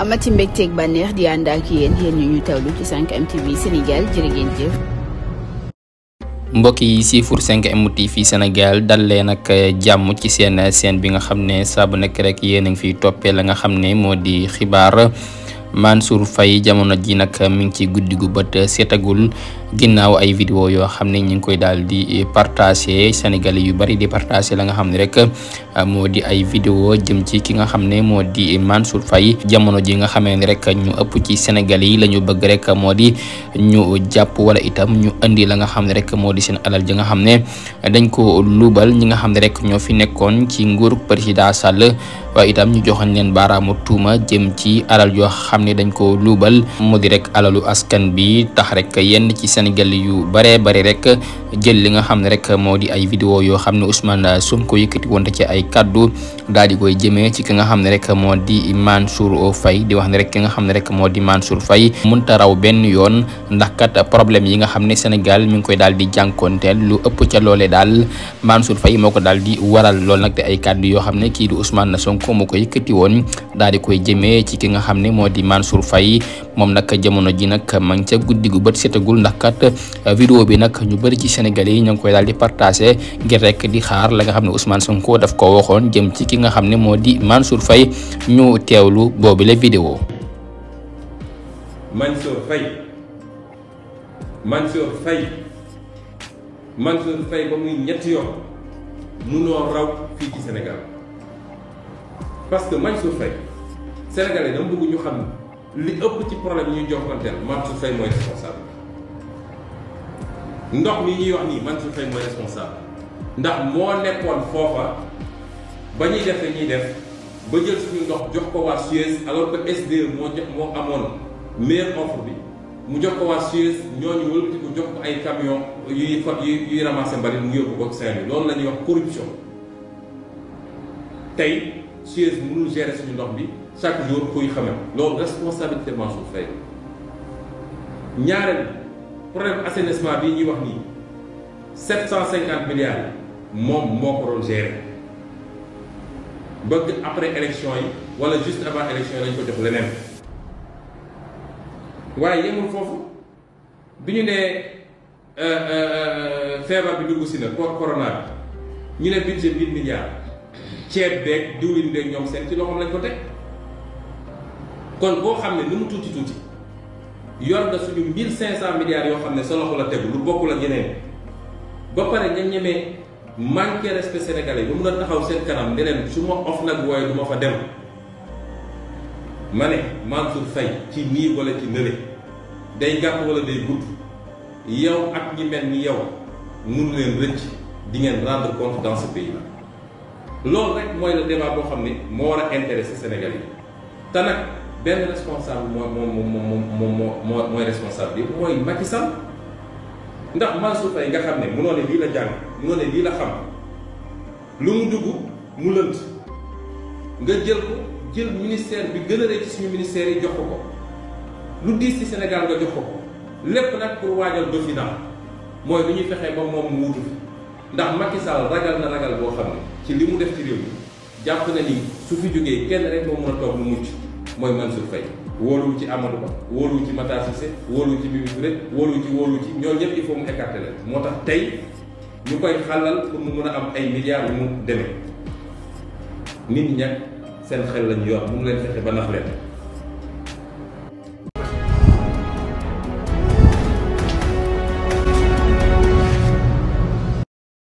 amati mbégteeg bànneex di ànd ak yéen yéen ñu ñu tawlu ci 5M TV Sénégal jërë ngeen jëf. mbokk yi siifur 5M TV Sénégal dal jàmm ci seen seen bi nga xam ne saa bu nekk rek yéen a ngi fiy toppee la nga xam ne moo di xibaar Mansour fay jamono ji nag mi ngi ci guddi gu bët seetagul. ginnaaw ay vidéo yoo xam ne ñu ngi koy daal di partagé sénégalais yu bari di partagé la nga xam ne rek ah, moo di ay vidéo jëm ci ki nga xam ne moo di Mansour Faye jamono ji nga xamee ni rek ñu ëpp ci sénégalais yi la ñu bëgg rek moo di ñu jàpp wala itam ñu indi la nga xam ne rek moo di seen alal ji nga xam ne dañ ko luubal ñi nga xam ne rek ñoo fi nekkoon ci nguur président Sall waaye itam ñu joxoñ leen baaraamu tuuma jëm ci alal yoo xam ne dañ ko luubal moo di rek alalu askan bi tax rek yenn ci Sénégal yu baree bari rek jël li nga xam ne rek moo di ay vidéo yoo xam ne Ousmane Sonko yëkkati woon ci ay kaddu daal di koy jëmee ci ki nga xam ne rek moo di Mansour fay di wax ne rek ki nga xam ne rek moo di Mansour Faye mënta raw benn yoon ndax kat problème yi nga xam ne Sénégal mi ngi koy daal di jànkoonteel lu ëpp ca loole daal Mansour fay moo ko daal di waral lool nag te ay kaddu yoo xam ne kii di Ousmane Sonko moo ko yëkkati woon daal di koy jëmee ci ki nga xam ne moo di Mansour Faye moom nag jamono ji nag ma ngi ca guddi gu bët setagul ndax kat euh, vidéo bi nag ñu bari ci senegal yi ña ngi koy daal di partagé ngir rek di xaar la nga xam ne Ousmane Sonko daf ko waxoon jëm ci ki nga xam ne moo di Mansour Faye ñu teewlu boobu la vidéo Mansour Faye raw fii ci Sénégal parce que Mansour Faye dama bëgg ñu xam li ëpp ci problème ñuy jonkanteel Mansour Faye mooy responsable ndox mi ñuy wax nii Mansour Faye mooy responsable ndax moo nekkoon foofa ba ñuy def ñuy def ba jël suñu ndox jox ko waa Suez alors que SDE moo jox moo amoon meilleure offre bi mu jox ko waa Suez ñooñu wëlbati ko jox ko ay camion yuy fa yuy yuy ramasser mbalit mu yóbbu ko Saint-Louis loolu la wax corruption tey Suez mënul gérer suñu ndox bi. chaque jour kuy xamam loolu responsabilité Mansour Faye ñaareel problème assainissement bii ñuy wax nii 750 milliards moom moo ko doon gérer bëgg après élection yi wala juste avant élection yi lañ ko jox leneen waaye yemul foofu bi ñu nee euh, euh, euh, feebar bi dugg si na corona bi ñu ne budget 1000 milliards ceeb beeg diwlin beeg ñoom seen ci loxoom lañ ko teg. kon boo xam ne lu mu tuuti tuuti yor nga suñu mille cinq cent milliards yoo xam ne sa loxo la tegu lu bokkul la yeneen ba pare ña ñemee manqué respect sénégalais ba mun a taxaw seen kanam ne leen su ma of nag waaye du ma fa dem ma ne Mansour Faye ci nii wala ci nële day gàtt wala day gudd yow ak ñi mel ni yow mënu leen rëcc di ngeen rendre compte dans ce pays là loolu rek mooy le débat boo xam ne moo war a intéressé Sénégalais yi te nag benn responsable moo moo moo moo moo mooy responsable bi mooy Macky Sall ndax nga xam ne munoo ne lii la jàng munoo ne lii la xam lu mu dugg mu lënt nga jël ko jël ministère bi gën a rëy ci suñu ministère yi jox ko ko lu diis ci Sénégal nga jox ko lépp nag pour waajal dauphinat mooy lu ñuy fexee ba moom mu wutu ndax Macky ragal na ragal boo xam ne ci li mu def ci réew mi jàpp na ni su fi jógee kenn rek moo mën a toog mu mucc. mooy Mansour Faye wóoluwu ci Amadou Ba wóoluwu ci Matar Cissé wóoluwu ci Mimi rek wóoluwu ci wóoluwu ci ñoo ñëpp il faut mu écarté leen moo tax tey ñu koy xàllal pour mu mun a am ay milliards yu mu demee nit ña seen xel lañu yor mu ngi leen fexe ba nax leen